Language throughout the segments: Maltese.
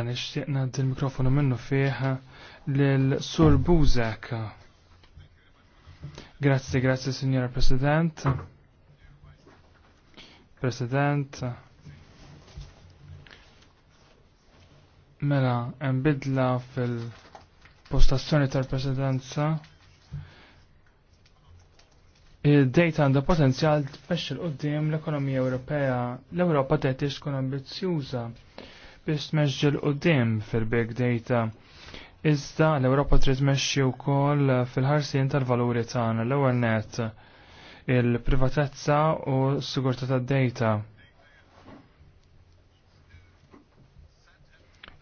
Għan ixtiqna d-mikrofonu minnu fieħ l-Sur Buzek. Grazzi, grazie, Signora President. President. Mela, embidla fil-postazzjoni tal-presidenza. Il-data għandha potenzjal tfexxil qudiem l-ekonomija Ewropea. L-Ewropa teħtiex tkun ambizzjuża biex tmexġi u dim fil-big data. Iżda l-Ewropa trid tmexxi wkoll fil-ħarsien tal-valuri tagħna l-ewwel net il-privatezza u s-sigurtà tad-data.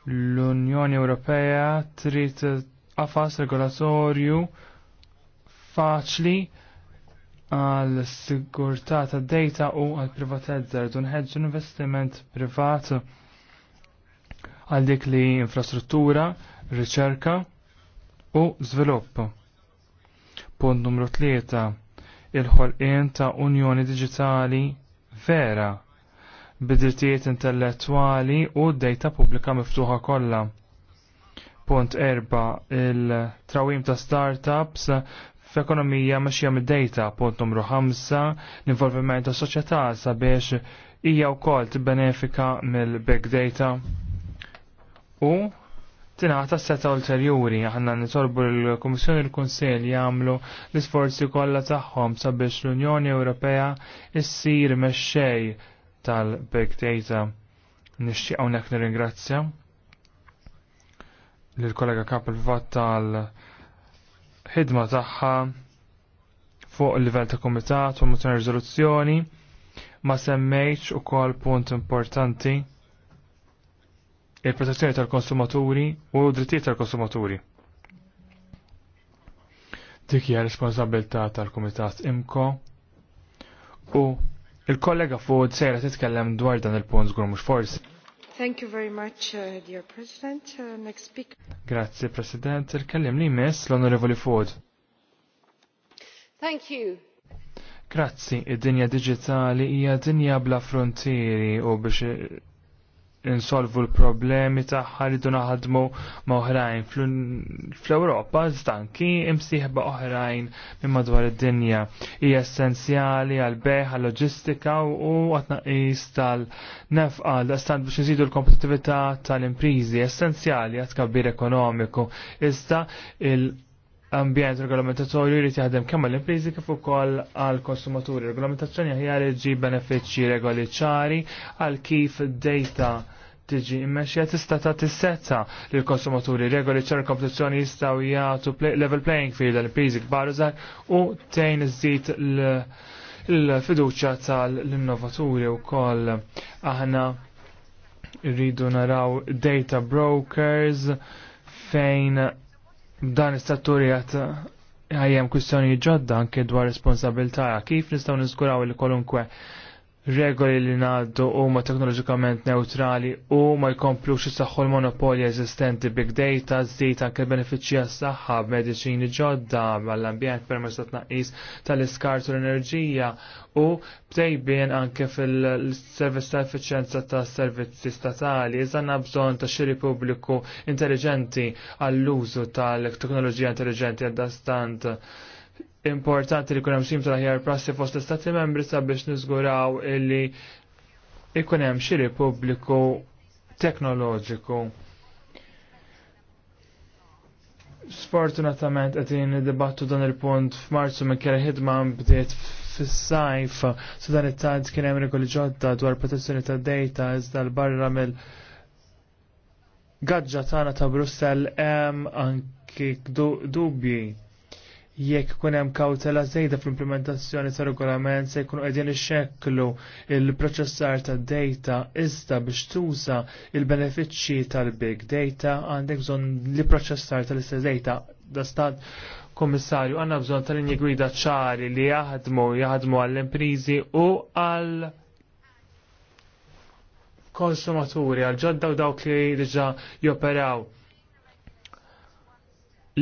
L-Unjoni Ewropea trid qafas regolatorju faċli għal sigurtà tad data u għal privatezza rridu nħeġġu investiment privat għal dik li infrastruttura, riċerka u żvilupp. Punt numru 3. Il-ħolqien ta' Unjoni Digitali vera bidrittijiet intellettwali u d-dejta pubblika miftuħa kollha. Punt erba' il-trawim ta' startups f'ekonomija mexxija mid-dejta. Punt numru 5 l-involviment ta' soċjetà sabiex hija wkoll tibbenefika mill-big data u tingħata seta ulterjuri aħna nitolbu l-Kummissjoni l konsil jagħmlu l-isforzi kollha tagħhom sabiex l-Unjoni Ewropea issir mexxej tal-Big Data. Nixtieq hawnhekk nirringrazzja l kollega Kapil Vat tal-ħidma tagħha fuq il-livell ta' komitat u mutan riżoluzzjoni ma semmejx ukoll punt importanti il-protezzjoni tal-konsumaturi u drittijiet tal-konsumaturi. Dik hija responsabilità tal-Kumitat Imko u il-kollega Ford sejra titkellem dwar dan il-punt żgur mhux forsi. Thank you very much, uh, dear President. Uh, next speaker. Grazie, President. Il-kellim li mess l-Onorevoli Ford. Thank you. Grazzi, id-dinja digitali hija dinja bla frontieri u biex insolvu l-problemi tagħha duna ħadmu ma' oħrajn fl-Ewropa iżda anki imsieħba oħrajn minn madwar id-dinja. Hija essenzjali għal beħ għal loġistika u għatnaqis tal-nefqa l-stand biex nżidu l-kompetitività tal-imprizi essenzjali għat kabbir ekonomiku iżda il- ambjent regolamentatorju li jaħdem kemm għall-imprizi kif ukoll għall-konsumaturi. Regolamentazzjoni hija li ġib benefiċċji regoli ċari għal kif data tiġi immexja tista' tagħti setta lill konsumaturi regoli ċar kompetizzjoni jistgħu jagħtu level playing field għall-imprizi kbar u tejn iżid l-fiduċja tal-innovaturi wkoll aħna rridu naraw data brokers fejn dan is-settur jgħat ħajjem ġodda anke dwar responsabilta. kif nistgħu niskuraw li kolunkwe regoli li ngħaddu huma teknoloġikament neutrali u ma jkomplux saħħu l-monopoli eżistenti big data żdid anke benefiċċji għas-saħħa b'mediċini ġodda għall-ambjent permezz ta' tnaqqis tal-iskart u l-enerġija u btejbien anke fil-servizz ta' effiċjenza ta' servizzi statali iżanna bżonn ta' xiri pubbliku intelligenti għall-użu tal-teknoloġija intelligenti għaddastant. stant importanti li kunem simtu tal prassi fost l-Stati membri sabiex nizguraw illi ikunem xiri pubbliku teknoloġiku. Sfortunatament id niddibattu dan il-punt f'Marzu minn kera ħidma bdiet fis-sajf sa dan it-tant kien hemm regoli ġodda dwar protezzjoni tad-dejta iżda l-barra mill gaġġa tagħna ta' Brussell hemm anki dubji jekk kun hemm kawtela żejda fl-implementazzjoni ta' regolament se jkunu qegħdin ixxekklu il-proċessar ta' data iżda biex tuża il-benefiċċji tal-big data għandek bżonn li proċessar tal-istess data da stat kommissarju għandna bżonn tal-linji gwida ċari li jaħdmu jaħdmu għall-imprizi u għall konsumaturi għal ġodda u dawk li diġa joperaw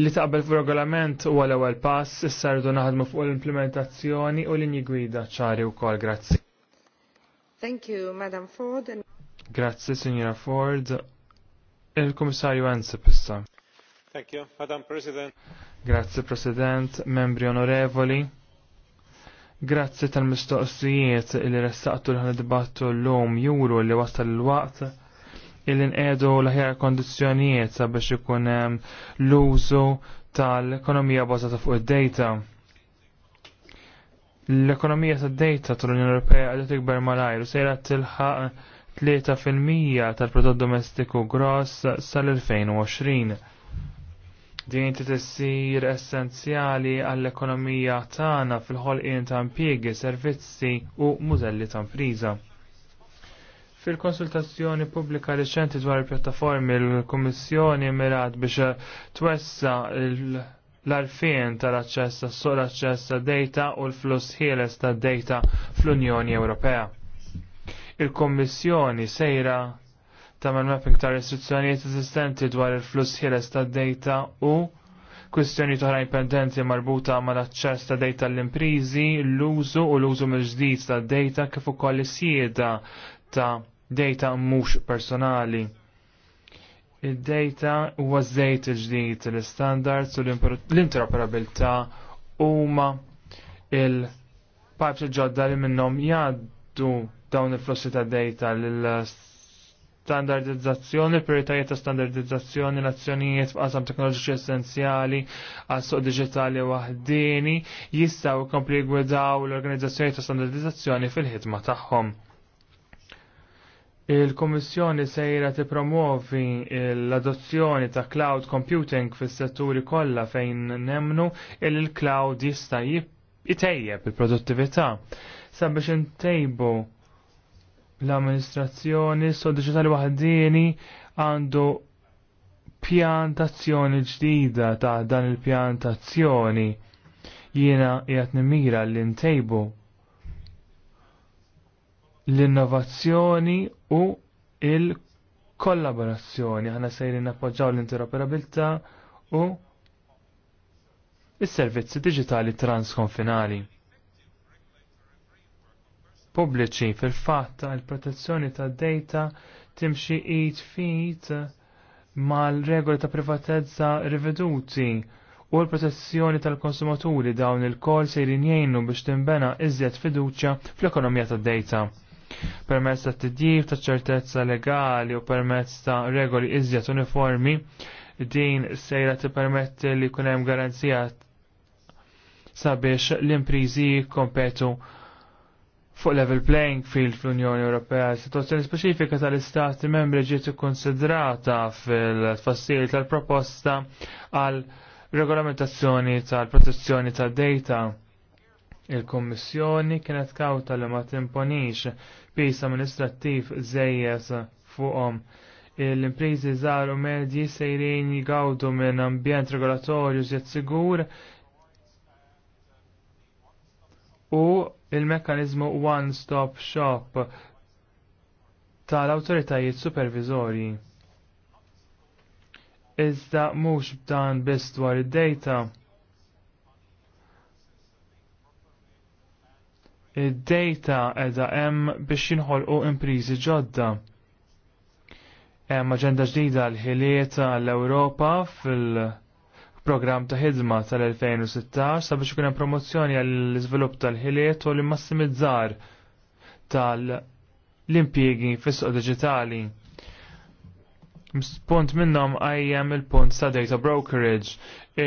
li taqbel fu regolament u għal ewwel pass issa rridu naħdmu fuq l-implementazzjoni u linji gwida ċari wkoll grazzi. Thank you, Madam Ford. Grazzi, Signora Ford. Il-Kummissarju Ansip issa. Thank you, Madam President. Grazzi, President, membri onorevoli. Grazzi tal-mistoqsijiet li restaqtu l-ħan dibattu l-lum juru li wasal l-waqt il-inqedu l-ħjar kondizjonijiet sabiex ikun l-użu tal-ekonomija bażata fuq id-data. L-ekonomija tad-data tal-Unjoni Ewropea qiegħda tikber malajr u sejra tilħaq 3% tal-prodott domestiku gross sal-2020. Din titessir essenzjali għall-ekonomija tagħna fil-ħolqien ta' impjiegi, servizzi u mużelli ta' impriża. Fil-konsultazzjoni pubblika reċenti dwar il-pjattaformi l-Kummissjoni mirat biex twessa l-arfien tal-aċċess tas-sol aċċess ta' data u l-fluss ħieles ta' data fl-Unjoni Ewropea. Il-Kommissjoni sejra tagħmel mapping ta' restrizzjonijiet esistenti dwar il-fluss ħieles ta' data u kwistjoni toħra pendenti marbuta mal aċċess ta' data l-imprizi, l-użu u l-użu mill-ġdid ta' data kif ukoll is-sieda ta' data mhux personali. Id-data huwa żejt il-ġdid l istandards u l-interoperabilità huma il-pipes ġodda li minnhom jgħaddu dawn il-flussi ta' data lill standardizzazzjoni prioritajiet ta' standardizzazzjoni, l-azzjonijiet f'qasam teknoloġiċi essenzjali għas-suq digitali waħdini jistgħu jkompli gwidaw l-organizzazzjoni ta' standardizzazzjoni fil-ħidma tagħhom. Il-Kommissjoni sejra tipromuovi l-adozzjoni ta' cloud computing fis setturi kollha fejn nemnu il il-cloud jista' jitejjeb il-produttività sabiex intejbu l-amministrazzjoni so diġitali waħdini għandu pjantazzjoni ġdida ta' dan il-pjantazzjoni jiena jgħat nimira l-intejbu l-innovazzjoni u il-kollaborazzjoni. Aħna sejri nappoġġaw l-interoperabilità u is-servizzi diġitali transkonfinali. Pubbliċi fil-fatta il-protezzjoni ta' data timxi id fit mal-regoli ta' privatezza riveduti u l-protezzjoni tal-konsumaturi dawn il-kol se jgħinu biex timbena iżjed fiduċja fl-ekonomija tad data permezz ta' tidjib ta' ċertezza legali u permezz ta' regoli iżjed uniformi din sejra tippermetti li jkun hemm garanzija sabiex l-imprizi kompetu fuq level playing field fl-Unjoni Ewropea. Situazzjoni speċifika tal-Istati membri ġiet ikkonsidrata fil-tfassil tal-proposta għal regolamentazzjoni tal-protezzjoni tad-data. Il-Kommissjoni kienet kawta li ma timponix pis amministrattiv żejjed fuqhom. L-imprizi żgħar u medji sejrin jgawdu minn ambjent regolatorju żjed sigur u il-mekkanizmu one-stop shop tal-awtoritajiet supervizorji. Iżda mhux b'dan biss dwar id-data id-data edha hemm biex jinħolqu imprizi ġodda. Hemm aġenda ġdida l-ħiliet l-Ewropa fil-programm ta' ħidma tal-2016 sabiex ikun hemm promozzjoni għall-iżvilupp tal-ħiliet u l-massimizzar tal-impjiegi fis-suq digitali. Punt minnom għajjem il-punt sa' data brokerage.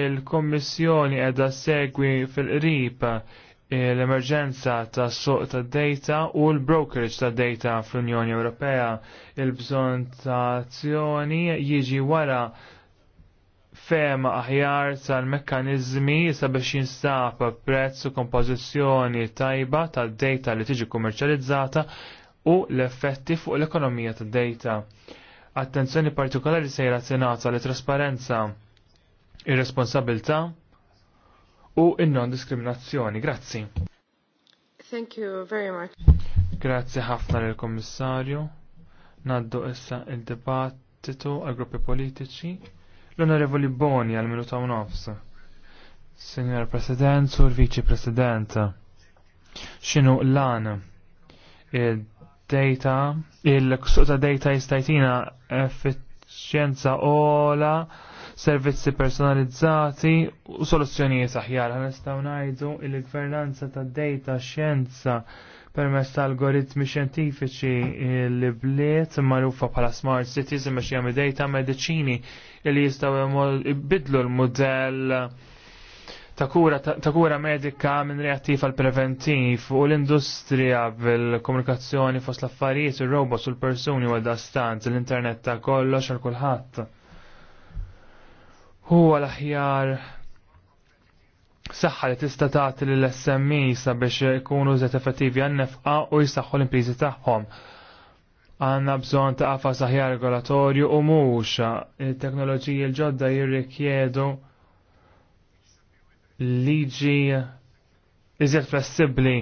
Il-Kommissjoni edha segwi fil-qrib l-emerġenza ta' suq ta' data u l-brokerage ta' data fl-Unjoni Ewropea. Il-bżon ta' azzjoni jiġi wara fema aħjar tal-mekkanizmi sabiex jinstab prezz u kompożizzjoni tajba tad data li tiġi kummerċjalizzata u l-effetti fuq l-ekonomija tad data. Attenzjoni partikolari sejra senata li trasparenza ir-responsabilta' u il-non-diskriminazzjoni. Grazzi. Thank you very much. Grazzi ħafna lill kommissarju Naddu issa il-dibattitu għal gruppi politiċi. L-Onorevoli Boni għal minuta u nofs. Signor President, Sur Vici President. Xinu l-għan? Il-data, il ksuta data jistajtina effiċjenza ola servizzi personalizzati u soluzzjonijiet aħjar. Nistgħu ngħidu l gvernanza tad-data xjenza permess ta' algoritmi xjentifiċi li bliet magħrufa bħala smart cities imma xi jagħmel data mediċini li jistgħu jbidlu l-mudell ta' kura, ta' kura medika minn reattiv għal preventiv u l-industrija bil-komunikazzjoni fost l-affarijiet, il-robots u l-persuni u għal-dastanz, l-internet ta' kollox għal kulħadd huwa l-aħjar saħħa li tista' tagħti lill SMI e sabiex ikunu żed effettivi għan-nefqa u jsaħħu l-impriżi tagħhom. Għanna bżonn ta' qafa saħjar regolatorju u mhux it-teknoloġiji l-ġodda jirrikjedu liġi iżjed flessibbli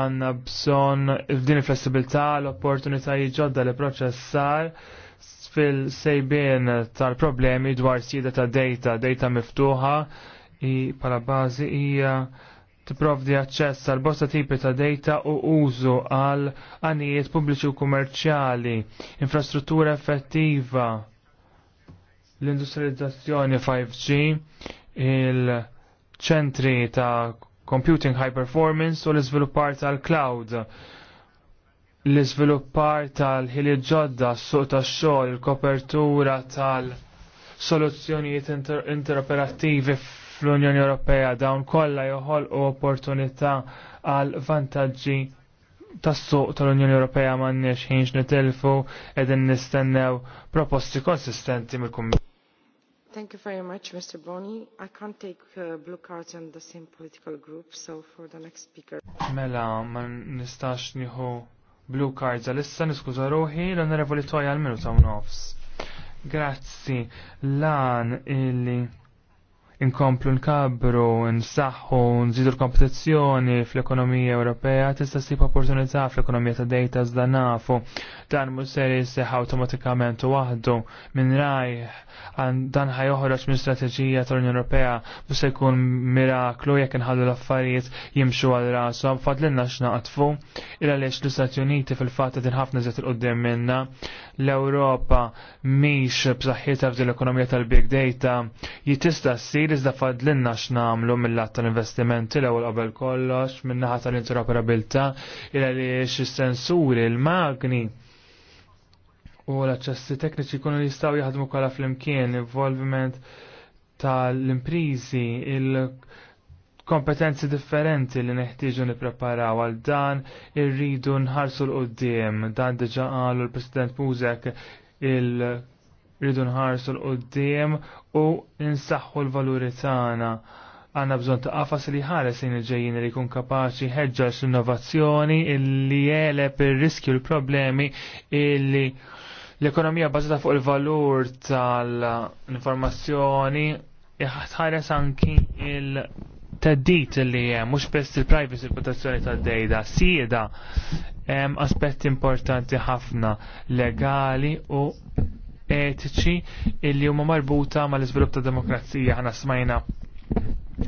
għandna bżonn f'din il-flessibilità l-opportunitajiet ġodda li proċessar fil-sejbien tal-problemi dwar sida ta' data, data miftuħa, i pala bazi hija tipprovdi aċċess għal bosta tipi ta' data u użu għal għanijiet pubbliċi u kummerċjali, infrastruttura effettiva, l-industrializzazzjoni 5G, il-ċentri ta' computing high performance u l-izviluppar tal-cloud l-izviluppar tal-ħili ġodda, s-suq tax-xogħol, il-kopertura tal-soluzzjonijiet interoperattivi fl-Unjoni Ewropea dawn kollha joħolqu opportunità għal vantaġġi tas-suq tal-Unjoni Ewropea m'għandniex ħinx nitilfu qegħdin nistennew proposti konsistenti mill-Kummissjoni. Thank you very much, Mr. Boni. I can't take uh, blue cards and the same political group, so for the next speaker. Mela, ma nistax nieħu Blue cards għalissa niskuża ruħi l-onorevoli Toja għal-minuta u nofs. Grazzi, lan illi inkomplu nkabru, nsaħħu, nżidu l-kompetizzjoni fl-ekonomija Ewropea tista' ssib opportunità fl-ekonomija ta' dejta iżda nafu dan mhux ser jisseħ awtomatikament waħdu minn rajh dan ħaj ħajoħroġ minn strateġija tal-Unjoni Ewropea mhux se jkun miraklu jekk inħallu l-affarijiet jimxu għal rashom fadlilna x'naqtfu il għaliex l-Istati Uniti fil-fatt qed inħafna żiet il qudiem minna l-Ewropa mhix b'saħħitha f'din l-ekonomija tal-big data jitista' ssir iżda fadlinna x'namlu mill lat tal-investimenti l-ewwel qabel kollox min-naħa tal-interoperabilità il li is-sensuri l-magni u l-aċċessi tekniċi jkunu jistgħu jaħdmu kollha flimkien involviment tal-imprizi il kompetenzi differenti li neħtieġu nippreparaw għal dan irridu nħarsu l-qoddim dan diġa qalu l-President Buzek il rridu nħarsu l-qoddim u nsaħħu l-valuri tagħna. Għanna bżon ta' għafas li ħares in ġejjin li jkun kapaċi ħeġġaġ l-innovazzjoni illi jeleb ir-riskju l-problemi illi l-ekonomija bażata fuq il-valur tal-informazzjoni ħares anki il- teddit li hemm mhux pest il-privacy protezzjoni tad-dejda, Sida hemm aspetti importanti ħafna legali u etiċi illi huma marbuta mal izvilup ta' demokrazija ħana smajna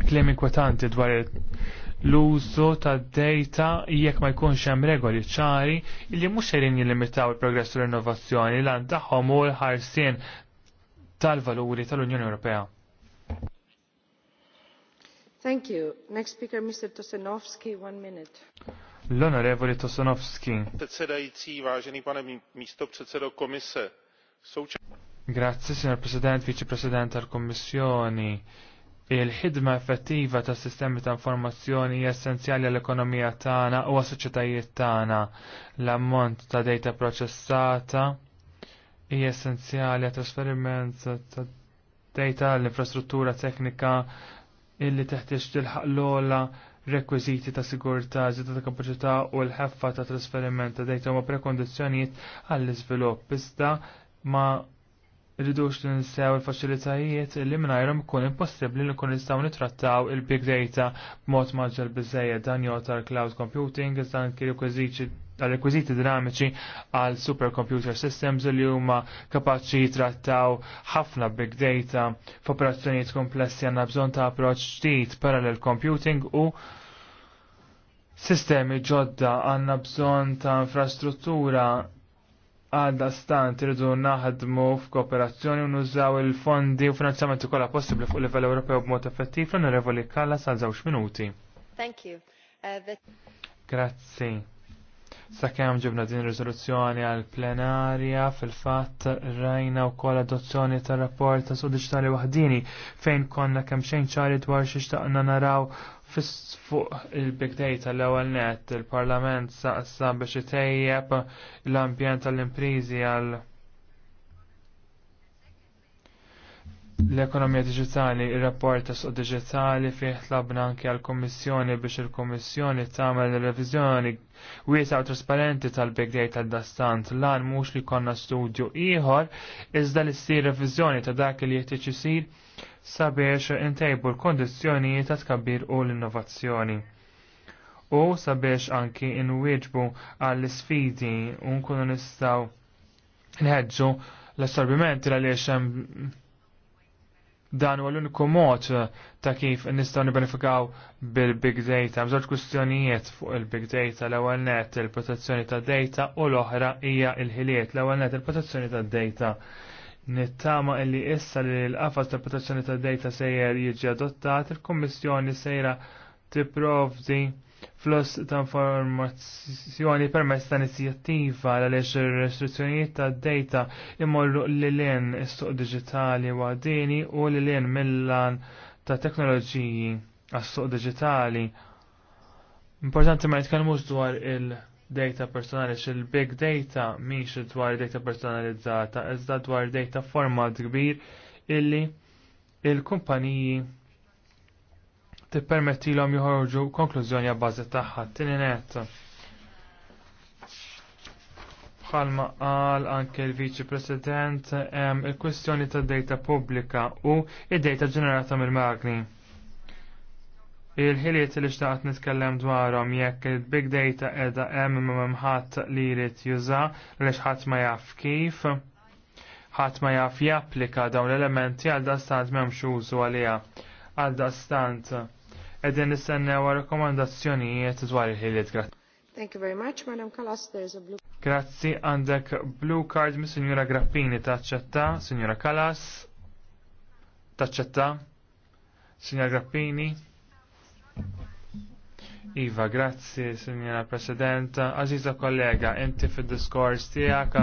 klim inkwetanti dwar l-użu ta' data jekk ma jkunx hemm regoli ċari illi mhux qegħdin jillimitaw il-progress u l-innovazzjoni lan tagħhom u l-ħarsien tal-valuri tal-Unjoni Ewropea. Thank you. Next speaker, Mr. Tosinovsky, one minute. L-Onorevoli Tosenovsky. Předsedající, vážený pane místo předsedo komise, Grazzi, Signor President, Viċi President tal-Kommissjoni. Il-ħidma effettiva ta' sistemi ta' informazzjoni hija essenzjali għall-ekonomija tagħna u għas-soċjetajiet tagħna. L-ammont ta' data proċessata hija essenzjali għat trasferiment ta' data l-infrastruttura teknika illi teħtieġ tilħaq l-ola rekwiziti ta' sigurtà, żieda ta' kapaċità u l-ħeffa ta' trasferiment ta' data huma prekondizzjonijiet għall-iżvilupp. Iżda ma rridux li nsew il-faċilitajiet li minnajrom kun impossibli li kun nistaw nitrattaw il-big data b'mod maġġel bizzejja dan jota l-cloud computing, iżda anki rekwiziti dinamiċi għal supercomputer systems li huma kapaċi jitrattaw ħafna big data f'operazzjonijiet komplessi għandna bżonn ta' approċċ ġdid parallel computing u sistemi ġodda għandna bżonn ta' infrastruttura għadda stant irridu naħdmu f'kooperazzjoni u nużaw il-fondi u finanzjamenti kollha possibbli fuq livell Ewropew b'mod effettiv l-Onorevoli Kalla sal żewġ minuti. Thank you. Uh, Grazzi. Sakemm ġibna din riżoluzzjoni għal plenarja fil-fatt rajna wkoll adozzjoni tar rapport ta' su diġitali waħdini fejn konna kemm xejn ċari dwar xi xtaqna naraw fuq il-big data l ewwel net il-parlament sa' biex itejjeb l-ambjent tal-imprizi għal L-ekonomija digitali, il-rapport ta' suq digitali fih tlabna anke għal kommissjoni biex il-kommissjoni tagħmel revizjoni wiesa' u trasparenti tal-big data dastant lan mhux li konna studju ieħor iżda li ssir revizjoni ta' dak li jeħtieġ isir sabiex intejbu l-kondizzjonijiet ta' tkabbir u l-innovazzjoni u sabiex anki inwieġbu għall-sfidi u nkunu nistgħu nħeġġu l assorbimenti għaliex hemm Dan huwa l-uniku mod ta' kif nistgħu nibenifikaw bil-big data. Mżoċ kwistjonijiet fuq il-big data l-ewwel net il-protezzjoni tad data u l-oħra hija l-ħiliet. L-ewwel net il-protezzjoni tad data nittama illi issa li l-qafas ta' protezzjoni ta' data sejjer jiġi adottat, il-Kommissjoni sejra tipprovdi Flus ta' informazzjoni permezz ta' inizjattiva għaliex ir restrizzjoniet ta' data imorru l-lien is-suq digitali u għadini u l-lien millan ta' teknoloġiji għas-suq digitali. Importanti ma jitkellmux dwar il-data personali x'il-big data miex dwar data personalizzata, iżda dwar data format kbir illi il-kumpaniji il kumpaniji tippermettilhom joħorġu konklużjoni għabbażi tagħha tieni net. Bħalma qal anke l-Viċi President hemm il-kwestjoni ta' data pubblika u id-data ġenerata mill-magni. Il-ħiliet li xtaqt nitkellem dwarhom jekk il-big data qiegħda hemm imma ħadd li jrid juża għaliex ħadd ma jaf kif ħadd ma jaf japplika dawn l-elementi għal dastant m'hemmx użu għaliha għal dastant Edin nistennew rakkomandazzjonijiet dwar il-ħiliet. Thank you very much, Madam Kalas. There's a blue Grazzi għandek blue card mi Signora Grappini taċċetta, Signora Kalas. Taċċetta. Signora Grappini. Iva, grazzi, Signora President. Aziza kollega, inti fid-diskors tijak,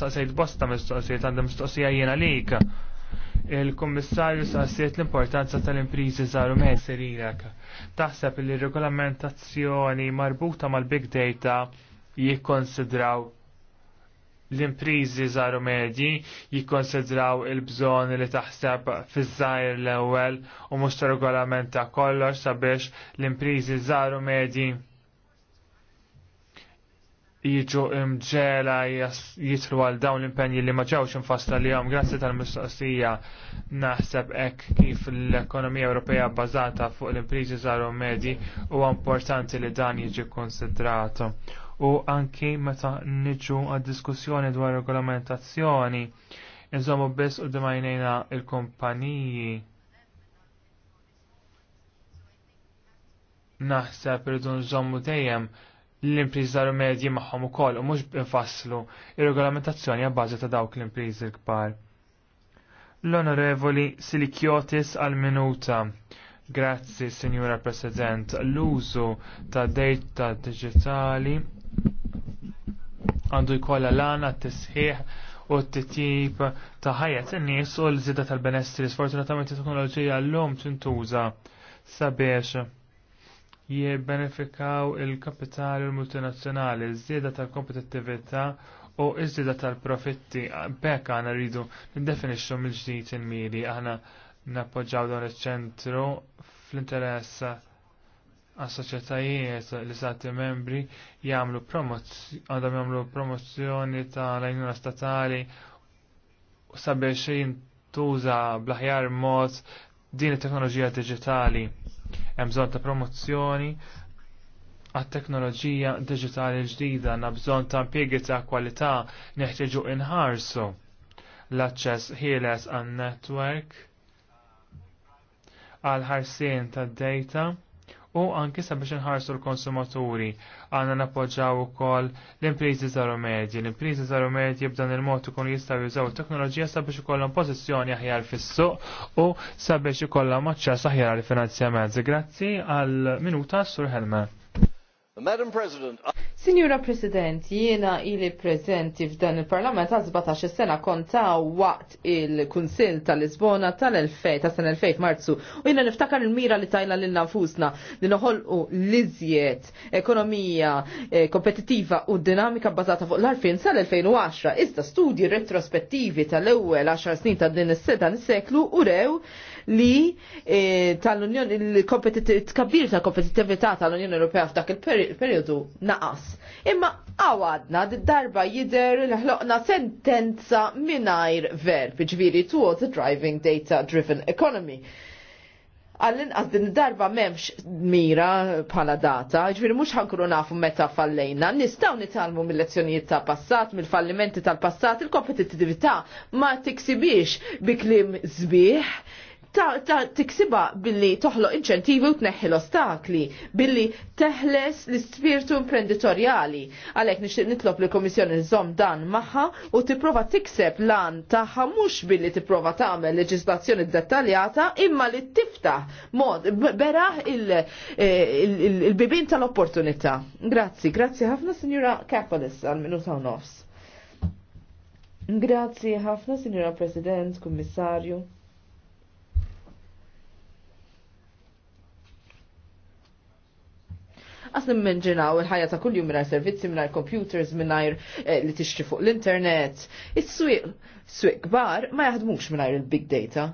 sa' sejt bosta mistoqsijiet, għandem mistoqsija jena lika. Il-Kommissarju siet l-importanza tal-imprizi żaru u mejser ilek. Taħseb li regolamentazzjoni marbuta mal-big data jikkonsidraw l-imprizi żaru medji jikkonsidraw il-bżon li taħseb fiż-żajr l-ewwel u mhux regolamenta kollox sabiex l-imprizi żaru medji jiġu mġela jitru għal dawn l-impenji li maġawx infasta li għom grazzi tal-mistoqsija naħseb ek kif l-ekonomija Ewropea bazata fuq l-imprizi zaru medji u importanti li dan jiġi konsidrat. U anki meta niġu għad diskussjoni dwar regolamentazzjoni, nżommu biss u d-dimajnejna il-kompaniji naħseb irridu nżommu dejjem l-impriż żaru medji magħhom ukoll u mhux infasslu ir-regolamentazzjoni għal bażi ta' dawk l impriżi kbar L-Onorevoli Silikiotis għal-Minuta. Grazzi, Signora President. L-użu ta' data digitali għandu jkollha lana t-tisħiħ u t-tip ta' ħajjat n-nies u l-żida tal-benestri. Sfortunatament it-teknoloġija l-lum tintuża sabiex jibbenefikaw il-kapitali l-multinazzjonali, iż-żieda tal-kompetittività u ż żieda tal-profitti. Bekk għana rridu nindefinixxu mill-ġdid il-miri, aħna nappoġġaw dan iċ-ċentru fl-interess għas soċjetajiet li stati membri jagħmlu għandhom jagħmlu promozzjoni tal-għajnuna statali sabiex jintuża bl-aħjar mod din it-teknoloġija diġitali. Hemm bżonn ta' promozzjoni għat-teknoloġija diġitali ġdida na bżonn ta' impjiegi ta' kwalità neħtieġu inħarsu l-aċċess ħieles għan netwerk għal ħarsien tad-data u anki sabiex nħarsu l-konsumaturi. Għanna nappoġġaw ukoll l-imprizi zaru medji. L-imprizi zaru medji b'dan il-mod ikun jistgħu jużaw teknoloġija sabiex ikollhom pożizzjoni aħjar fis-suq u sabiex ikollhom aċċess aħjar għal finanzjament. Grazzi għal minuta Sur Helmer. Madam President, Signora President, jiena ili prezenti f'dan il-Parlament għal 17 sena konta waqt il-Kunsil tal-Lisbona tal-2000 ta' sen 2000 Marzu u jiena niftakar il-mira li tajna l nafusna li noħolqu liżjed ekonomija eh, kompetittiva u dinamika bbażata fuq l-arfin sal-2010. Iżda studji retrospettivi tal-ewwel 10 snin ta' din is seta is-seklu u rew li eh, tal-Unjoni il-kabbir ta' kompetitività tal-Unjoni Ewropea f'dak il-periodu naqas. Imma għawadna darba jider l-ħloqna sentenza minajr verb, biġviri, towards a driving data driven economy Għallin inqas din darba memx mira bħala data, ġviri mux ħankru nafu meta fallejna, nistaw nitalmu mill-lezzjonijiet ta' passat, mill-fallimenti tal-passat, il-kompetitività ma tiksibiex bi klim zbieħ, ta' tiksiba billi toħloq inċentivi u tneħħi l-ostakli, billi teħles l-ispirtu imprenditorjali. Għalek nixtieq nitlob li komissjoni żomm dan maħħa u tipprova tikseb lan taħħa mhux billi tipprova tagħmel leġislazzjoni dettaljata imma li tiftaħ mod beraħ eh, il-bibin tal-opportunità. Grazzi, grazzi ħafna Sinjura Kapalis għal-minuta u nofs. Grazzi ħafna Sinjura President, Kummissarju. Laqqas nimmenġinaw il-ħajja ta' kuljum mingħajr servizzi, mingħajr computers, mingħajr eh, li tixtri fuq l-internet. Is-swieq, swiq kbar ma jaħdmux mingħajr il-big data.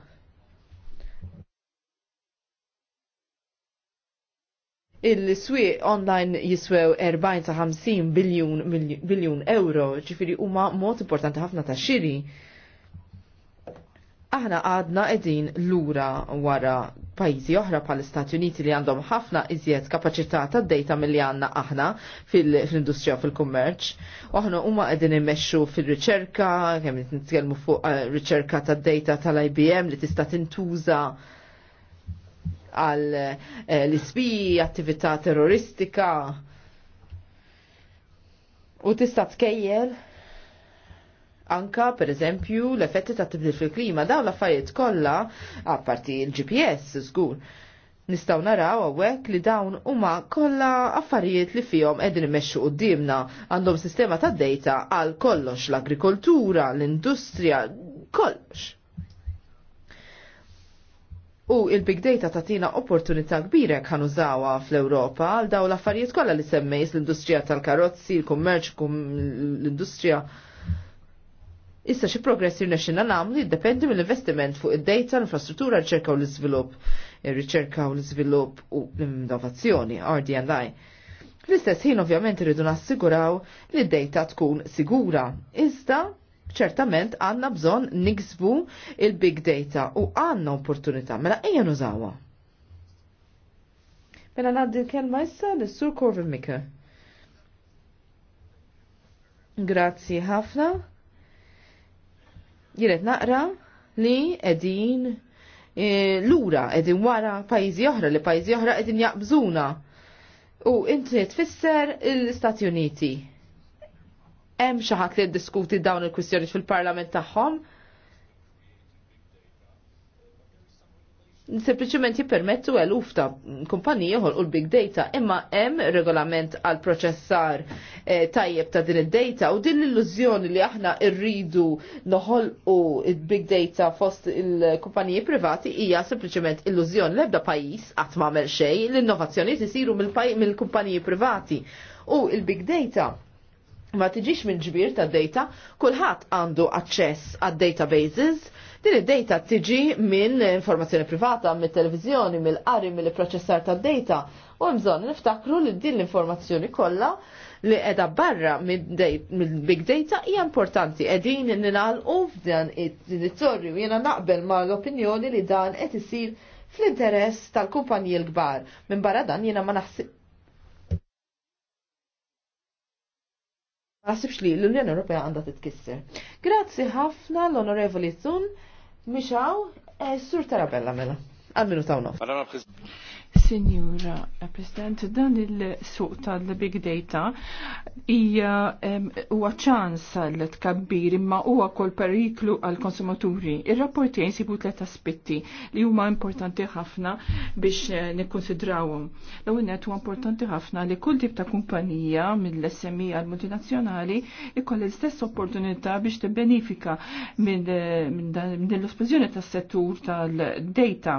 il-swieq online jiswew 40 50 biljun biljun euro, ġifiri huma mod importanti ħafna ta' xiri. Aħna għadna edin lura wara pajjiżi oħra pal istati Uniti li għandhom ħafna iżjed kapaċità ta' dejta milli għandna aħna fil-industrija fil-kummerċ. Aħna huma qegħdin immexxu fil-riċerka, kemm nitkellmu fuq eh, riċerka ta' dejta tal-IBM li tista' tintuża għal eh, l-isbi, attività terroristika. U tista' tkejjel anka per eżempju l-effetti ta' tibdil fil-klima daw l-affarijiet kollha apparti l-GPS żgur. Nistaw naraw għawek li dawn huma kollha affarijiet li fihom qegħdin imexxu dimna għandhom sistema ta' data għal kollox l-agrikoltura, l-industrija, kollox. U il-big data tatina opportunità kbira kan użawa fl europa għal daw l-affarijiet kollha li semmejs l-industrija tal-karozzi, l-kummerċ, l-industrija Issa xi progress jirnexxina nagħmlu jiddependi mill-investiment fuq id-data, l-infrastruttura, r-ċerka u l-iżvilupp, ir-riċerka u l-iżvilupp u l-innovazzjoni, RD&I. l istess ħin ovvjament irridu nassiguraw li d-data tkun sigura. Iżda ċertament għanna bżon niksbu il-big data u għanna opportunità, mela ejja nużawa. Mela naddi l-kelma issa l-Sur Corvin Mika. Grazzi ħafna. Jiret naqra li edin e, lura edin wara pajjiżi oħra li pajjiżi oħra edin jaqbżuna. U inti tfisser l-Istati Uniti. Hemm xi ħadd li ddiskuti dawn il-kwistjoni fil-Parlament tagħhom, sempliciment jippermettu uf ta' kumpanija u l-big data imma hemm regolament għal proċessar eh, tajjeb ta' din id-data u din l-illużjoni li aħna rridu noħol u big data fost il-kumpaniji privati hija sempliciment illużjoni l-ebda pajis qatt m'għamel xej, l-innovazzjoni tisiru mill-kumpaniji privati u il-big data ma tiġix minn ġbir ta' data, kulħadd għandu aċċess għad databases Din id-data tiġi minn informazzjoni privata, mill televizjoni mill-qari, mill-proċessar ta' data u bżonn niftakru li din l-informazzjoni kollha li edha barra mill-big data hija importanti qegħdin ninalqu f'dan it-territorju jiena naqbel ma l-opinjoni li dan qed isir fl-interess tal-kumpanji l-kbar. Minn barra dan jiena ma naħsib Għasibx li l-Unjoni Ewropea għandha titkisser. Grazzi ħafna l-Onorevoli Zun. Mixaw, eh, sur Tarabella mela. Għal minu tawna. Signora President, dan il-suq tal-Big Data hija huwa ċans għal tkabbir imma huwa kol periklu għal konsumaturi. Ir-rapporti jinsibu tlet aspetti li huma importanti ħafna biex eh, nikkonsidrawhom. L-ewwel net huwa importanti ħafna li kull tip ta' kumpanija mill-SMI e għal multinazzjonali ikoll l-istess opportunità biex tibbenifika eh, minn l-esplosjoni tas-settur tal-data.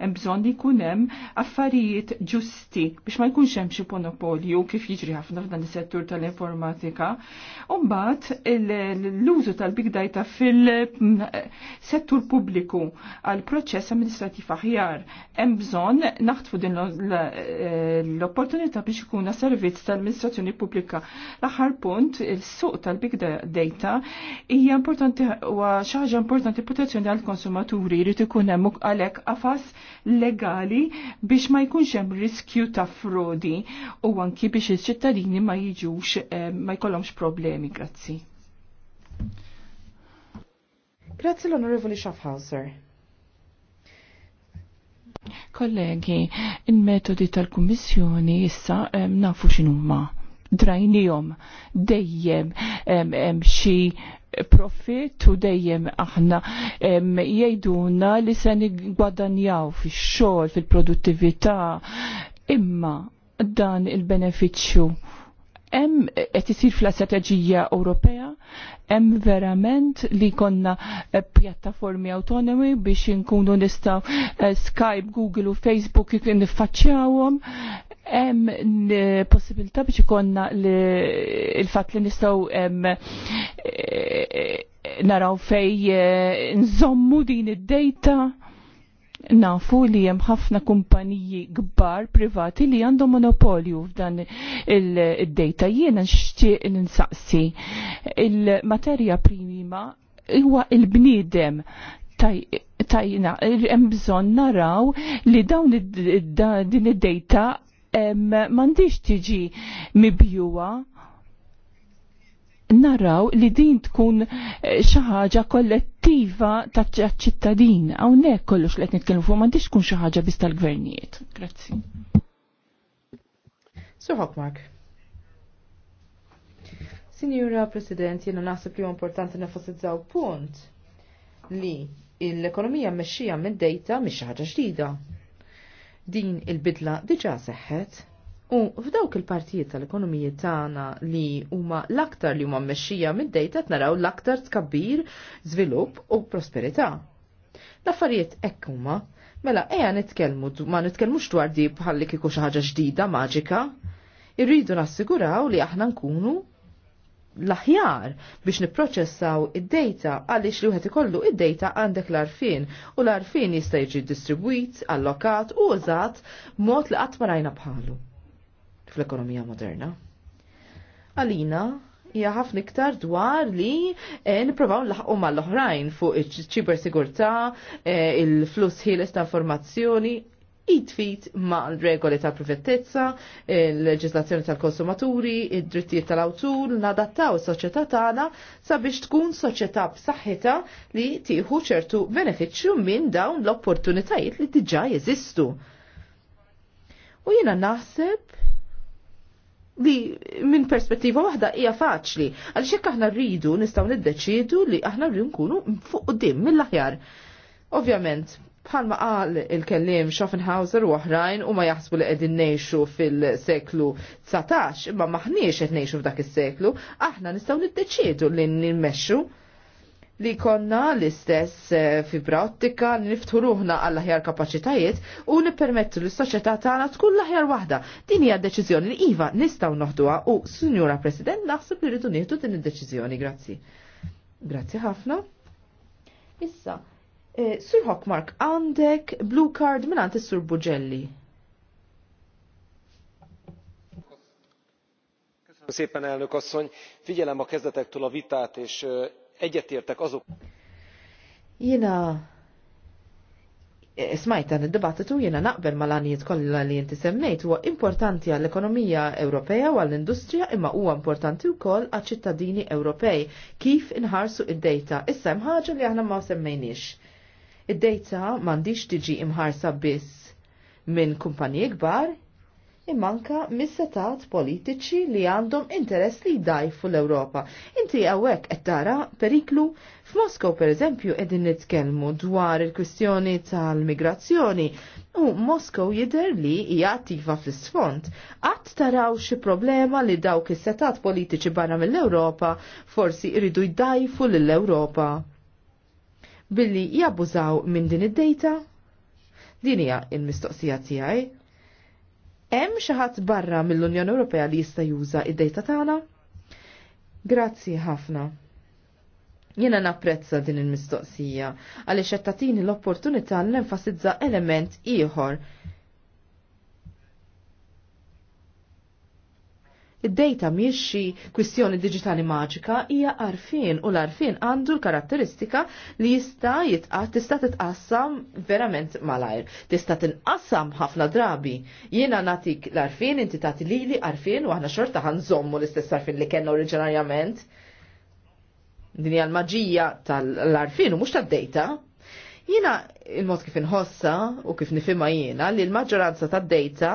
Hemm bżonn li jkun hemm affarijiet ġusti biex ma jkunx hemm xi monopolju kif jiġri ħafna f'dan is-settur tal-informatika. u mbagħad l-użu tal-big data fil-settur pubbliku għal proċess amministrativ aħjar hemm bżonn naħtfu din l-opportunità biex ikuna servizz tal-amministrazzjoni pubblika. L-aħħar punt, il-suq tal-big data hija importanti huwa xi ħaġa importanti protezzjoni għall konsumaturi jrid ikun hemm għalhekk qafas legali biex biex ma jkunx hemm riskju ta' frodi u anki biex iċ-ċittadini ma jiġux eh, ma jkollhomx problemi, grazzi. Grazzi l-Onorevoli Schaffhauser. Kollegi, il-metodi tal-Kummissjoni issa nafu x'inhuma drajnijom dejjem xi profittu u dejjem aħna jgħiduna li se nigwadanjaw fix-xogħol fil-produttività imma dan il-benefiċċju hemm qed isir fl-istrateġija Ewropea hemm verament li konna eh, pjattaformi autonomi biex inkunu nistaw eh, Skype, Google u Facebook niffaċċjawhom hemm possibilità biex ikonna il-fatt li nistgħu e, e, naraw fej e, nżommu din id-dejta nafu li hemm ħafna kumpaniji kbar privati li għandhom monopolju f'dan id-dejta. Jiena nixtieq ninsaqsi il-materja prima huwa il-bniedem tajna, hemm bżonn naraw li dawn din id-dejta mandiġ tiġi mibjuwa naraw li din tkun eh, xi ħaġa kollettiva ta' ċittadin Hawnhekk kollox li qed nitkellmu fuq m'għandix tkun xi ħaġa biss tal-gvernijiet. Grazzi. Suħok Mark. Sinjura President, jiena naħseb li huwa importanti nefasizzaw punt li l-ekonomija meċxija mid-dejta mhix ħaġa ġdida. Din il-bidla diġa seħħet u f'dawk il-partijiet tal-ekonomija tagħna li huma l-aktar li huma mmexxija mid-dejta naraw l-aktar tkabbir, żvilupp u prosperità. L-affarijiet hekk huma, mela eja nitkellmu ma nitkellmux dwar di bħalli kieku xi ħaġa ġdida maġika, irridu nassiguraw li aħna nkunu l-aħjar biex niproċessaw id-data għaliex li wieħed ikollu id-data għandek l-arfin u l-arfin jista' jiġi distribwit, allokat u użat mod li qatt marajna bħalu fl-ekonomija moderna. Għalina hija ħafna iktar dwar li eh, nipprovaw nlaħqu mal-oħrajn fuq iċ-ċibersigurtà, eh, il-fluss ħieles ta' informazzjoni, jitfit ma' regoli ta' privettezza il-leġislazzjoni tal-konsumaturi, id-drittijiet tal-awtur, nadattaw s soċjetà tagħna sabiex tkun soċjetà b'saħħitha li tieħu ċertu benefiċċju minn dawn l-opportunitajiet li diġà jeżistu. U jiena naħseb li minn perspettiva waħda hija faċli, għal xekk aħna rridu nistgħu niddeċiedu li aħna rridu nkunu fuq qudiem mill-aħjar. Ovvjament, Bħalma qal il-kellim Schaffenhauser u oħrajn u ma jaħsbu li qegħdin ngħixu fil-seklu 19, imma maħniex qed ngħixu f'dak is-seklu, aħna nistgħu niddeċiedu li nimmexxu li konna l-istess eh, fibra ottika li niftħu ruħna għall aħjar kapaċitajiet u nippermettu lis soċjetà tagħna tkun l-aħjar waħda. Din hija deċiżjoni li iva nistgħu noħduha u Sinjura President naħseb li rridu nieħdu din id-deċiżjoni. Grazzi. Grazzi ħafna. Issa, Sir eh, Sur Hockmark, għandek blue card minn għandis Sur Bugelli. Szépen elnök asszony, figyelem a kezdetektől a vitát, és eh, egyetértek azok. Jena, eh, smajtan id-dibattitu jena naqbel mal-għanijiet kollha li inti semmejt huwa importanti għall-ekonomija Ewropea u għall-industrija imma huwa importanti wkoll għaċ-ċittadini Ewropej kif inħarsu id-dejta. Issa hemm ħaġa li aħna ma semmejniex Id-dejta m'għandix tiġi imħarsa biss minn kumpaniji kbar, immanka mis-setat politiċi li għandhom interess li jdajfu l-Ewropa. Inti għawek qed tara periklu f'Moskow per eżempju qegħdin nitkellmu dwar il-kwistjoni tal-migrazzjoni u Moskow jidher li hija attiva fl sfond Qatt taraw xi problema li dawk is-setat politiċi barra mill-Ewropa forsi jridu jdajfu lill-Ewropa billi jabbużaw minn din id-dejta? Din hija l-mistoqsija tiegħi. Hemm xi ħadd barra mill-Unjoni Ewropea li jista' juża id-dejta tagħna? Grazzi ħafna. Jiena napprezza din il-mistoqsija għaliex qed tagħtini l-opportunità l-enfasizza element ieħor Id-data mhijiex xi kwistjoni diġitali maġika hija arfin u l-arfin għandu l-karatteristika li jista' jitqas tista' titqassam verament malajr. Tista' tinqassam ħafna drabi. Jiena nagħtik l-arfin inti tagħti lili arfin u aħna xorta ħanżommu l-istess arfin li kellna oriġinarjament. Din hija l-maġija tal-arfin u mhux tad-data. Jiena il-mod kif inħossa u kif nifhimha jiena li l-maġġoranza tad-data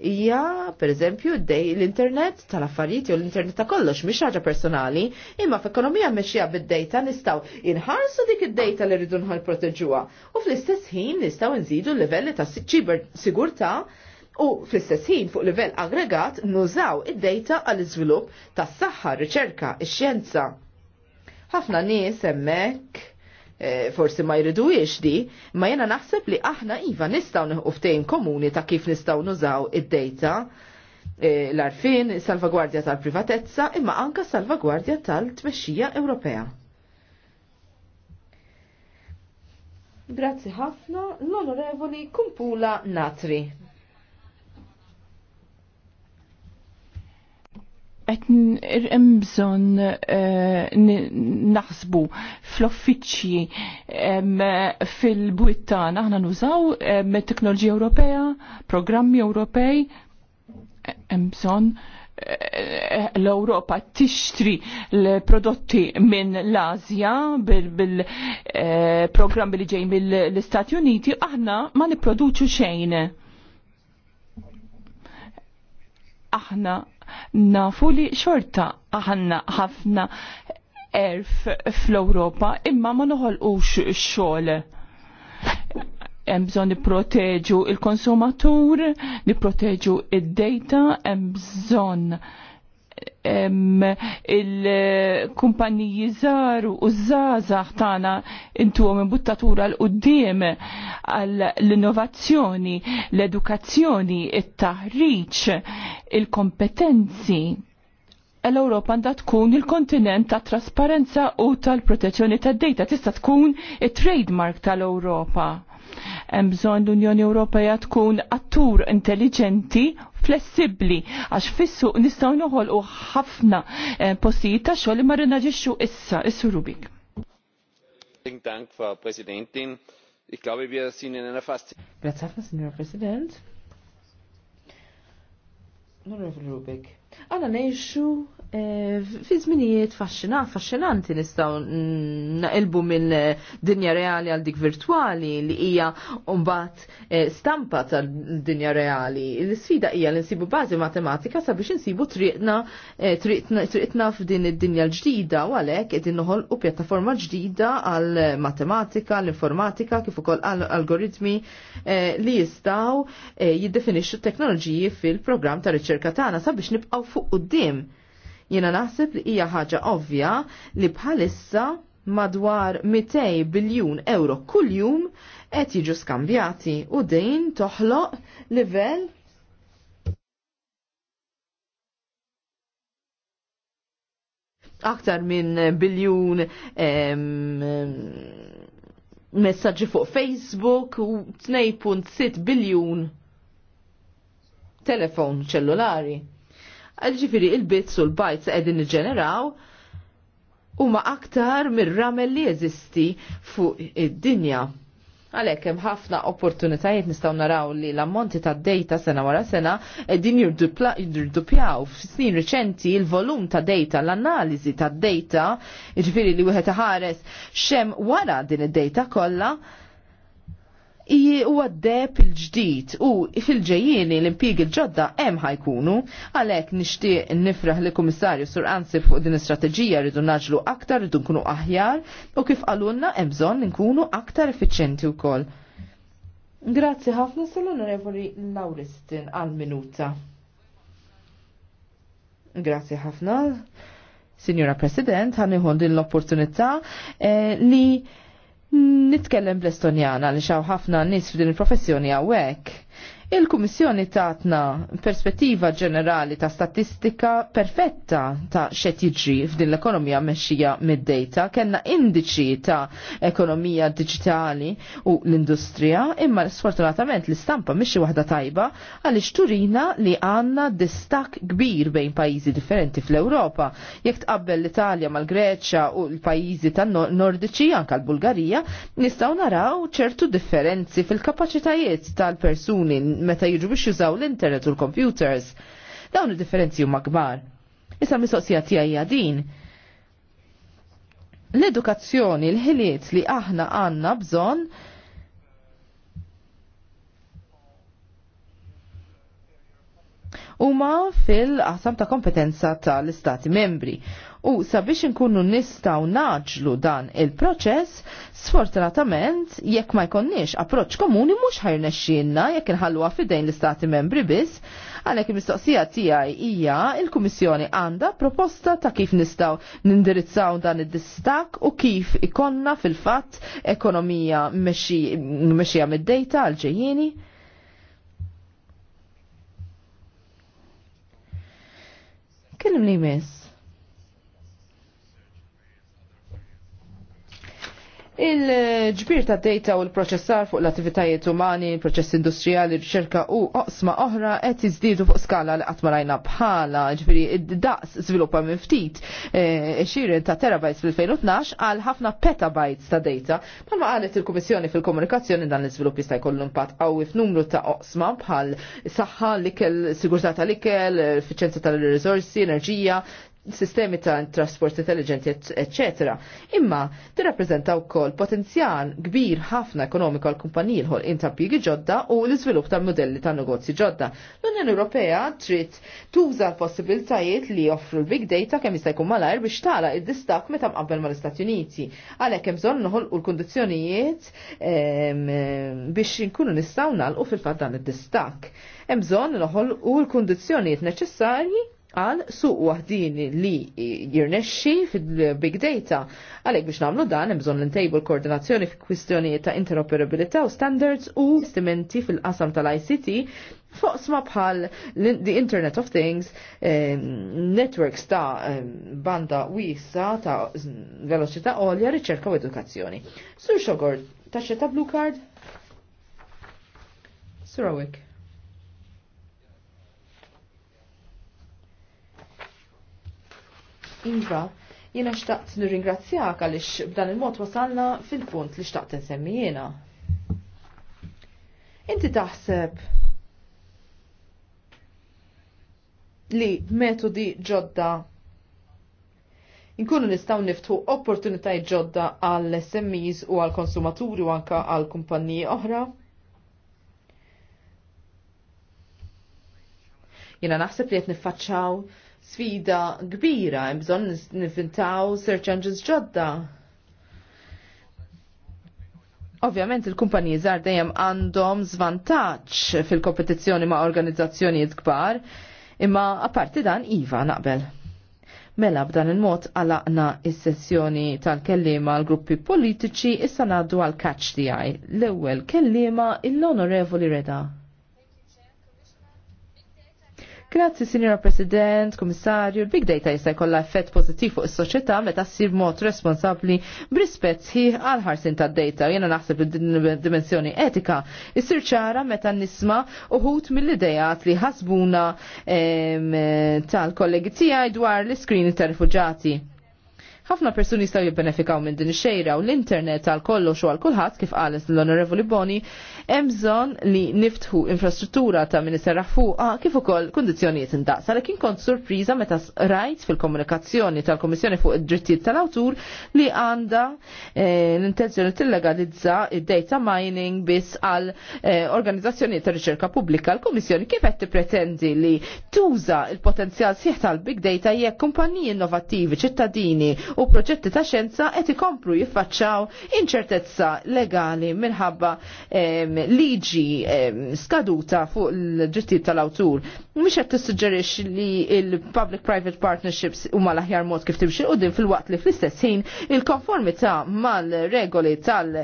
hija pereżempju dej l-internet tal-affarijiet jew l-internet ta' kollox mhix ħaġa personali, imma f'ekonomija mexxija bid-dejta nistgħu inħarsu dik id-dejta li rridu nħal proteġuha u fl-istess ħin nistgħu nżidu l-livelli ta' ċiber sigurtà u fl-istess ħin fuq livell aggregat nużaw id-dejta għall iżvilupp tas-saħħa, riċerka, ix-xjenza. Ħafna nies hemmhekk Eh, forsi ma jridu di, ma jena naħseb li aħna iva nistaw nħu ftejn komuni ta' kif nistaw nużaw id-data eh, l-arfin, salvagwardja tal-privatezza, imma anka salvagwardja tal-tmexxija Ewropea. Grazzi ħafna l-Onorevoli Kumpula Natri. qed imbżon eh, naħsbu fl-offiċċji fil-bwittana aħna nużaw teknoloġija Ewropea, programmi Ewropej, hemm bżonn eh, l-Europa tixtri l-prodotti minn l-Azja bil eh, program li ġej mill-Istati Uniti, aħna ma nipproduċu xejn. Aħna nafu li xorta ħanna ħafna erf fl-Europa imma ma noħolqux xogħol. Hemm bżonn nipproteġu il-konsumatur, nipproteġu id-data, hemm bżonn il kumpanniji żgħar u żgħażagħ tagħna intuhom imbuttatura l qudiem għall-innovazzjoni, l-edukazzjoni, it-taħriġ, il-kompetenzi. L-Ewropa għandha tkun il-kontinent ta' trasparenza u tal-protezzjoni tad-dejta tista' tkun it-trademark tal-Ewropa. Hemm bżonn l-Unjoni Ewropea tkun attur intelligenti flessibli għax fissu nistaw noħol u ħafna eh, postijiet ta' xogħol imma ġixxu issa issu Rubik. Grazie ħafna, Signor President. Nur Rubik, għana nejxu Eh, fi żminijiet faxxinat, faxxinanti nistgħu naqilbu minn eh, dinja reali għal dik virtuali li hija mbagħad eh, stampa tal-dinja reali. L-sfida hija li nsibu bażi matematika sabiex insibu triqna triqtna f'din id-dinja l-ġdida u għalhekk qegħdin u pjattaforma ġdida għal matematika, l-informatika kif ukoll għal algoritmi li jistgħu jiddefinixxu t teknoloġiji fil-programm ta' riċerka tagħna sabiex nibqgħu fuq quddiem. Jiena naħseb li hija ħaġa ovvja li bħalissa madwar 200 biljun euro kuljum qed jiġu skambjati u din toħloq livell aktar minn biljun messaġġi fuq Facebook u 2.6 biljun telefon ċellulari għalġifiri il-bits u l-bajts qegħdin u huma aktar mir-ramel li jeżisti fuq id-dinja. Għalhekk hemm ħafna opportunitajiet nistgħu naraw li l-ammonti ta' data sena wara sena din jirdupjaw f'snin riċenti il-volum ta' data, l-analiżi ta' data, jiġifieri li wieħed ħares xem wara din id-data kollha, u għaddeb il-ġdid u fil-ġejjini l-impieg il-ġodda hemm ħajkunu, għalhekk nixtieq nifraħ li kummissarju sur ansib fuq din istrateġija rridu naġlu aktar, rridu nkunu aħjar u kif qalulna hemm bżonn nkunu aktar effiċenti wkoll. Grazzi ħafna sull-Onorevoli Lauristin għal-minuta. Grazzi ħafna, Signora President, ħaniħon din l-opportunità eh, li nitkellem bl-Estonjana li xaw ħafna nis f'din il-professjoni għawek. Il-Kummissjoni tatna perspettiva ġenerali ta' statistika perfetta ta' xed jiġri f'din l-ekonomija mexxija mid-dejta, kellna indiċi ta' ekonomija digitali u l-industrija, imma sfortunatament l-istampa mixi waħda tajba għaliex turina li għandna distak kbir bejn pajjiżi differenti fl-Ewropa. Jekk tqabbel l-Italja mal-Greċja u l-pajjiżi tan-Nordiċi anke l-Bulgarija, nistgħu naraw ċertu differenzi fil-kapaċitajiet tal-persuni meta jiġu biex jużaw l-internet u l-computers. Dawn il-differenzi huma kbar. Issa mistoqsija tiegħi din. L-edukazzjoni, l-ħiliet li aħna għandna bżonn huma fil-qasam ta' kompetenza tal-Istati membri U sabiex inkunu nistaw naġlu dan il-proċess, sfortunatament, jekk ma jkonniex approċ komuni mhux ħajrnexxinna jekk inħalluha għafidejn l-istati membri biss, għalhekk il-mistoqsija tiegħi hija il-Kummissjoni għandha proposta ta' kif nistaw nindirizzaw dan id-distak u kif ikonna fil-fatt ekonomija mexxija mid-dejta għal ġejjieni. Kellimni miss. Il-ġbir ta' data u l-proċessar fuq l-attivitajiet umani, proċess industrijali, riċerka u oqsma oħra qed iżdiedu fuq skala li qatt marajna bħala, ġifieri id-daqs żviluppa minn ftit e, xiren ta' terabytes fil-2012 għal ħafna petabytes ta' data. Palma qalet il-Kummissjoni fil-Komunikazzjoni dan l-iżvilupp jista' jkollu impatt qawwi f'numru ta' oqsma bħal saħħa, l-ikel, sigurtà tal-ikel, effiċenza tal-riżorsi, enerġija, sistemi ta' trasport intelligenti, etc. Imma tirrappreżenta wkoll potenzjal kbir ħafna ekonomiku għal kumpaniji l-ħol intampigi ġodda u l-iżvilupp ta' modelli ta' negozji ġodda. L-Unjoni Ewropea trid tuża l-possibilitajiet li joffru l-big data kemm jista' jkun malajr biex tara id-distak meta mqabbel mal-Istati Uniti. Għalhekk hemm bżonn noħolqu l-kundizzjonijiet biex inkunu nistgħu nagħlqu fil-fatt dan id-distak. Hemm bżonn noħolqu l-kundizzjonijiet neċessarji għal suq wahdini li jirnexxi fil-big data. Għalek biex namlu dan, bżonn l-intejbu l-koordinazzjoni fi kwistjonijiet ta' interoperabilità u standards u investimenti fil-qasam tal-ICT fuq sma bħal the Internet of Things, eh, networks ta' eh, banda wisa ta' veloċità olja, riċerka u edukazzjoni. Sur xogor, ta' ta' blue card? Surawik. Iva, jiena xtaqt nirringrazzjak għaliex b'dan il-mod wasalna fil-punt li xtaqt insemmi jiena. Inti taħseb li metodi ġodda Inkunu nistaw niftu opportunitajiet ġodda għall SMEs u għall konsumaturi u anka għall kumpanniji oħra? Jena naħseb li qed niffaċċaw sfida kbira, hemm bżonn nifintaw search engines ġodda. Ovvjament il-kumpaniji żgħar dejjem għandhom żvantaġġ fil-kompetizzjoni ma' organizzazzjonijiet kbar, imma apparti dan iva naqbel. Mela b'dan il-mod għalaqna is-sessjoni tal-kellima għal gruppi politiċi issa ngħaddu għal catch tiegħi. L-ewwel kellima l-Onorevoli Reda. Grazzi, Signora President, Komissarju, il-Big Data jista' jkollha effett pożittiv fuq is-soċjetà meta ssir mod responsabbli b'rispett sħiħ għal ħarsin tad-data. Jiena naħseb id-dimensjoni etika issir ċara meta nisma' uħut mill-idejat li ħasbuna tal-kollegi tiegħi dwar l-iskrini tar-rifuġati ħafna persuni jistgħu jibbenefikaw minn din ix-xejra u l-internet għal kollox u għal kulħadd kif qalet l-Onorevoli Boni hemm bżonn li niftħu infrastruttura ta' minister fuqa ah, kif ukoll kundizzjonijiet indaqs. Għalhekk kont surpriża meta rajt fil-komunikazzjoni tal-Kummissjoni fuq id-drittijiet tal-awtur li għandha eh, l-intenzjoni tillegalizza id-data mining biss għal eh, organizzazzjoni ta' riċerka pubblika. L-Kummissjoni kif qed tippretendi li tuża il-potenzjal sieħ tal-big data jekk kumpaniji innovattivi, ċittadini u proġetti ta' xjenza qed ikomplu jiffaċċaw inċertezza legali minħabba liġi skaduta fuq l ġittib tal-awtur. Mhix qed tissuġġerix li il-public-private partnerships huma l-aħjar mod kif timxi din fil-waqt li fl-istess ħin il-konformità mal-regoli tal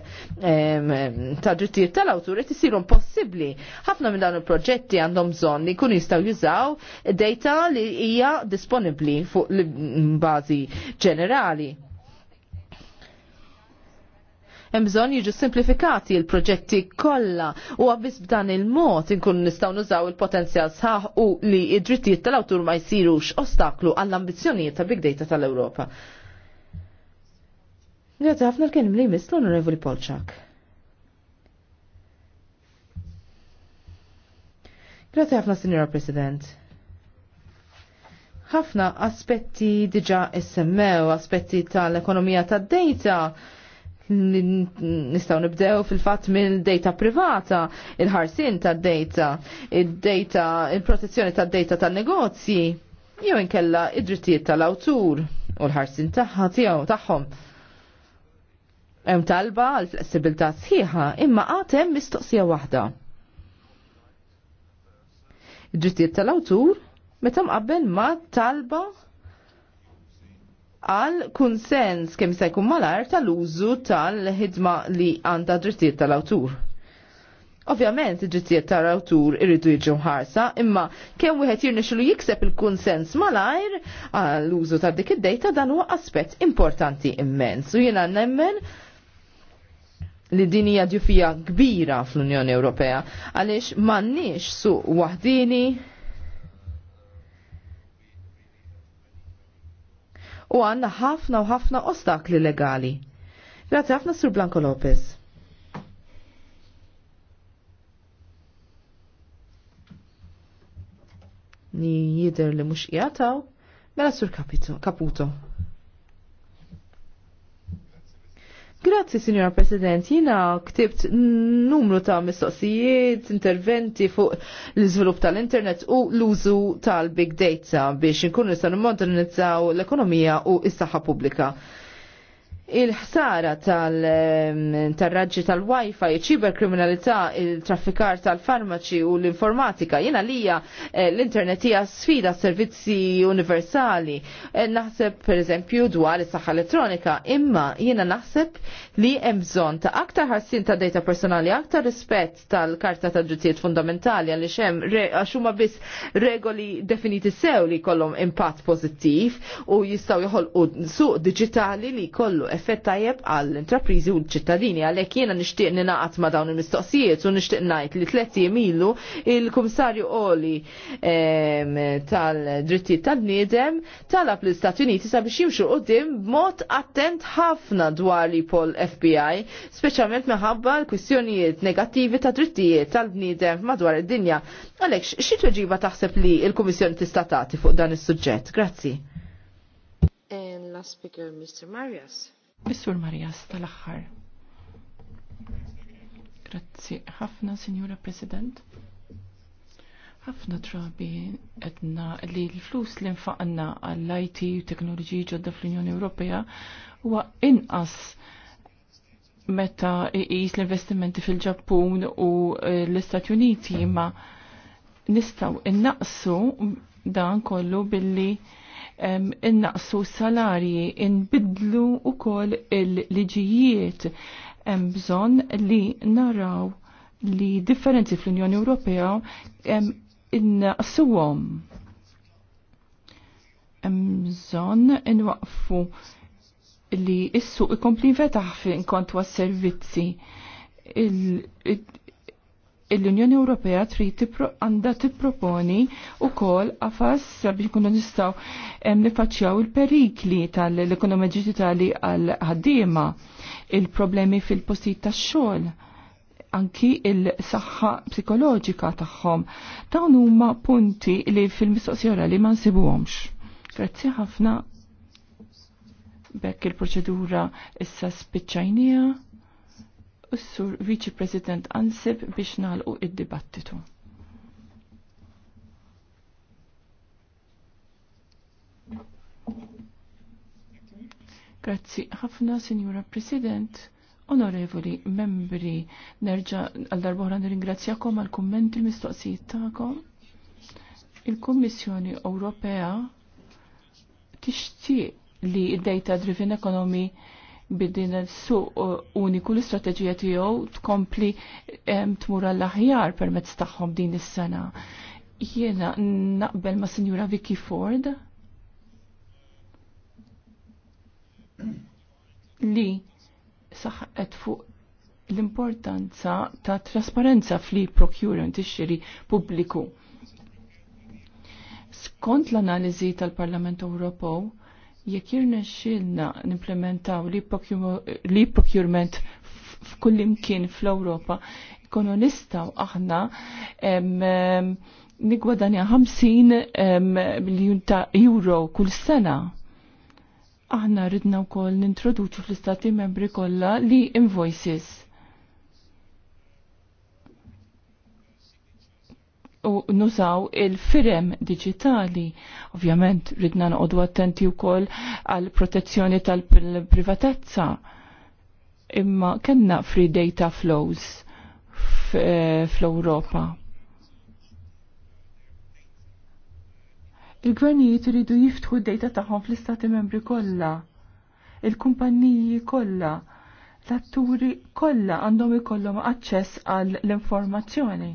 ġittib tal-awtur qed isiru possibbli. Ħafna minn dawn il-proġetti għandhom bżonn li jkunu jistgħu jużaw data li hija disponibbli fuq l-bażi ġenerali reġjonali. Hemm bżonn jiġu simplifikati l-proġetti kollha u biss b'dan il-mod inkun nistgħu nużaw il-potenzjal sħaħ u li id-drittijiet tal-awtur ma jsirux ostaklu għall-ambizzjonijiet ta' big data tal-Ewropa. Grazie ħafna l kien li jmiss l-Onorevoli Polċak. Grazie ħafna, Signora President ħafna aspetti diġa semmew, aspetti tal-ekonomija tad-data nistaw nibdew fil-fat mill data privata, il-ħarsin tad data, il-data, il-protezzjoni tad data tan negozji jew inkella id-drittijiet tal-awtur u l-ħarsin tagħha tiegħu tagħhom. Hemm talba għal flessibilità sħiħa, imma għad hemm mistoqsija waħda. Id-drittijiet tal-awtur meta qabbel ma talba għal kunsens kemm se jkun malar tal-użu tal-ħidma li għandha drittijiet tal-awtur. Ovvjament, id-drittijiet tal-awtur irridu jiġu ħarsa, imma kemm wieħed jirnexxilu jikseb il-kunsens malajr għal użu ta' dik id-dejta dan huwa aspett importanti immens. U jiena nemmen li din hija djufija kbira fl-Unjoni Ewropea għaliex m'għandniex suq waħdini u għanna ħafna u ħafna ostakli legali. Grazie ħafna Sur Blanco Lopez. Ni jider li mux jgħataw, mela Sur Caputo. Grazzi, Signor President. Jina ktibt numru ta' mistoqsijiet, interventi fuq l-izvilup tal-internet u l-użu tal-big data biex nkunu nistgħu modernizzaw l-ekonomija u s-saħħa pubblika il-ħsara tal-raġġi tal-Wi-Fi, ċiberkriminalità, il-traffikar tal-farmaċi u l-informatika, jena lija eh, l-internet hija sfida servizzi universali. Eh, naħseb per eżempju dwar is-saħħa elettronika, imma jena naħseb li hemm bżonn ta' aktar ħarsin ta' data personali, aktar rispett tal-Karta ta' Ġutijiet Fundamentali għaliex hemm għax huma biss regoli definiti sew li jkollhom impatt pożittiv u jistgħu joħolqu suq diġitali li jkollu effett tajjeb għall-intraprizi u l-ċittadini għalhekk jiena nixtieq ninaqat ma' dawn il-mistoqsijiet u nixtieq ngħid li tliet ilu il-Kumissarju Oli tal-Drittijiet tal-Bniedem talab l-Istati Uniti sabiex jimxu qudiem b'mod attent ħafna dwar li pol FBI, speċjalment minħabba l-kwistjonijiet negattivi ta' drittijiet tal-bniedem madwar id-dinja. Għalhekk xi tweġiba taħseb li l-Kummissjoni tista' tagħti fuq dan is-suġġett? Grazzi. And last speaker, Mr. Marias. Bissur Marijas tal-axħar. Grazzi ħafna, Signora President. Ħafna drabi edna li l-flus li nfaqna għall-IT u teknoloġiji ġodda fl-Unjoni Ewropea huwa inqas meta iqis l-investimenti fil-Ġappun u eh, l-Istati Uniti ma nistaw innaqsu dan kollu billi innaqsu salarji, inbidlu u kol il-liġijiet. Bżon li naraw li differenzi fl-Unjoni Ewropea innaqsuhom. Bżon inwaqfu li issu ikompli fetaħ fin kontwa servizzi l-Unjoni Ewropea trid għandha tipproponi wkoll afas sabiex ikunu nistgħu nifaċċjaw il-perikli tal-ekonomija digitali għal ħaddiema, il-problemi fil-postijiet tax-xogħol anki il-saħħa psikoloġika tagħhom. Dawn huma punti li fil-mistoqsija li ma nsibuhomx. Grazzi ħafna bekk il-proċedura issa spiċċajnija u s-sur Vice President Ansib biex nalqu id-dibattitu. Grazzi ħafna, Signora President. Onorevoli membri, nerġa għal-darbohra nir-ingrazzjakom għal-kommenti l-mistoqsijiet ta'kom. Il-Kommissjoni Ewropea tixtieq li d-Data Driven Economy bidin il-suq uh, uniku l-istrateġija tiegħu tkompli tmur għall-aħjar permezz tagħhom din is-sena. Jiena naqbel ma' Sinjura Vicky Ford li saħqet fuq l-importanza ta' trasparenza fl-procurement ix-xiri pubbliku. Skont l-analiżi tal-Parlament Ewropew, Jekk jirna xilna nimplementaw li procurement f'kull imkien fl-Ewropa, ikonu nistaw aħna nigwadanja 50 miljon ta' euro kull sena aħna ridna wkoll nintroduċu fl-istati membri kollha li invoices u nużaw il-firem digitali. Ovvjament, ridna nqodu attenti wkoll għal protezzjoni tal-privatezza. Imma kenna free data flows eh, fl-Europa. Il-gvernijiet iridu jiftħu d-data tagħhom fl-istati membri kollha. Il-kumpanniji kollha, l-atturi kollha għandhom ikollhom aċċess għall informazzjoni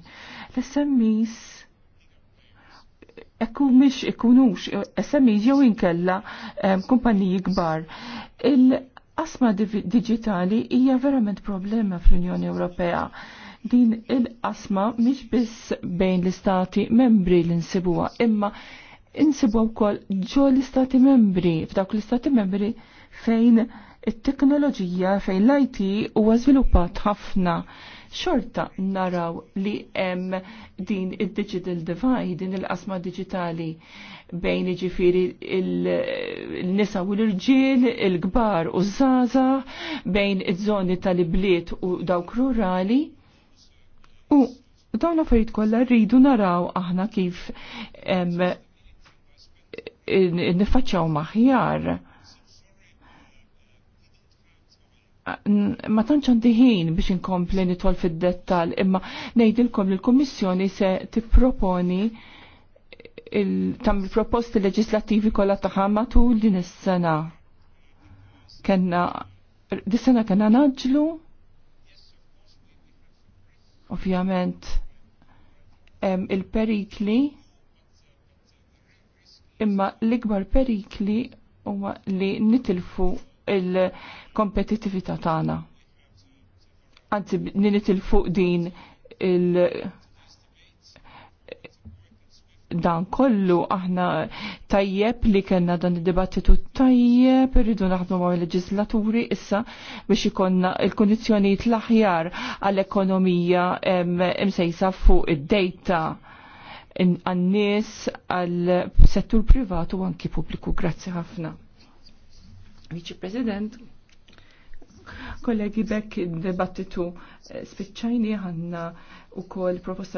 smes ekku mish ikunux SMEs jew inkella kumpaniji kbar. Il-qasma digitali hija verament problema fl-Unjoni Ewropea din il-qasma mhix biss bejn l-istati membri li nsibuha, imma insibuha wkoll ġo l-istati membri, f'dawk l-istati membri fejn it-teknoloġija fejn l-IT huwa żviluppat ħafna xorta naraw li hemm din id-digital divide, din il-qasma digitali bejn iġifiri il-nisa u l-irġiel, il-gbar u z-zaza, bejn iż-żoni tal-ibliet u dawk rurali. U dawn fejt affarijiet kollha rridu naraw aħna kif nifacċaw maħjar ma tantx għandi ħin biex inkompli nitwal fid-dettal, imma ngħidilkom li l-Kummissjoni se tipproponi tam proposti leġislattivi kollha tagħha matul din is-sena. Kenna dis-sena kena naġlu. Ovvjament il-perikli imma l-ikbar perikli huwa li nitilfu il-kompetitività tagħna. Anzi, il fuq din il- dan kollu aħna tajjeb li kena dan id-dibattitu tajjeb rridu naħdmu ma' leġislaturi issa biex ikonna il-kondizjonijiet l-aħjar għall-ekonomija imsejsa fuq id-dejta għannis nies għal-settur privatu u anki pubbliku. Grazzi ħafna. Viċi President, kollegi bekk dibattitu eh, spiċċajni ħanna u kol proposta